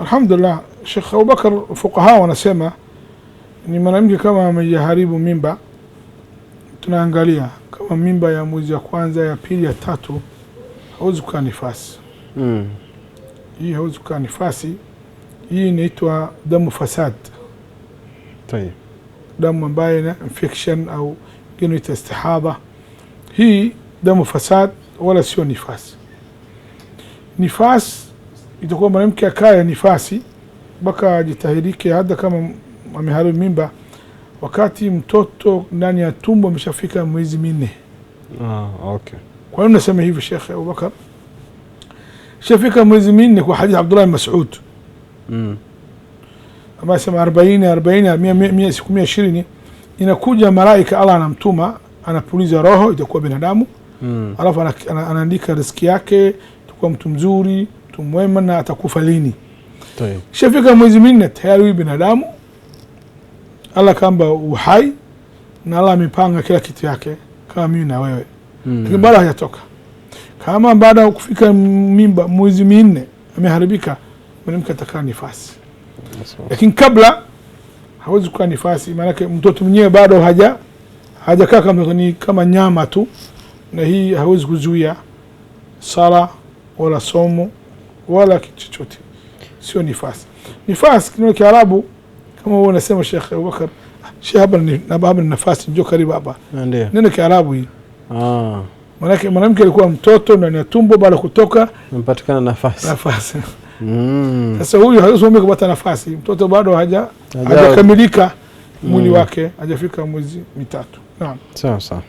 Alhamdulillah, Sheikh Abubakar, fuqaha wanasema ni mwanamke kama amejaharibu mimba, tunaangalia kama mimba ya mwezi ya kwanza, ya pili, ya tatu, hawezi kukaa nifasi mm. Hii hawezi kukaa nifasi, hii inaitwa damu fasad, damu ambayo ina infection au inaitwa istihadha. Hii damu fasad wala sio nifasi. Nifasi itakuwa mwanamke akaya nifasi mpaka ajitahirike, hata kama ameharibu mimba, wakati mtoto ndani ya tumbo ameshafika mwezi minne. Ah, okay. Kwa nini nasema hivi Sheikh Abubakar? Shafika mwezi minne kwa hadithi Abdullah bin Mas'ud mm. ambaye sema 40 40 100 siku 120 inakuja malaika, Allah anamtuma anapuliza roho, itakuwa binadamu mm. alafu anaandika riziki yake, itakuwa mtu mzuri mtu mwema na atakufa lini? Shafika mwezi minne tayari huyu binadamu Allah kamba uhai na Allah amepanga kila kitu yake kama mimi na wewe mm. Lakini bado hajatoka kama baada ya kufika mimba mwezi minne ameharibika, mwanamke atakaa nifasi, lakini kabla hawezi kukaa nifasi, maanake mtoto mwenyewe bado haja hajakaa kama ni kama nyama tu, na hii hawezi kuzuia sala wala somo wala kitu chochote, sio nifasi. Nifasi kineno Kiarabu kama wewe unasema Sheikh Abubakar, ah, Sheikh hapa ni baba, ni nafasi, njoo karibu hapa, ah, ndio neno Kiarabu hii ah. Maanake mwanamke alikuwa mtoto ndani ya tumbo, baada kutoka mpatikana nafasi, nafasi mm. Sasa huyu hawezi kupata nafasi, mtoto bado haja hajakamilika mwili mm. wake, hajafika mwezi mitatu. Naam, sawa sawa.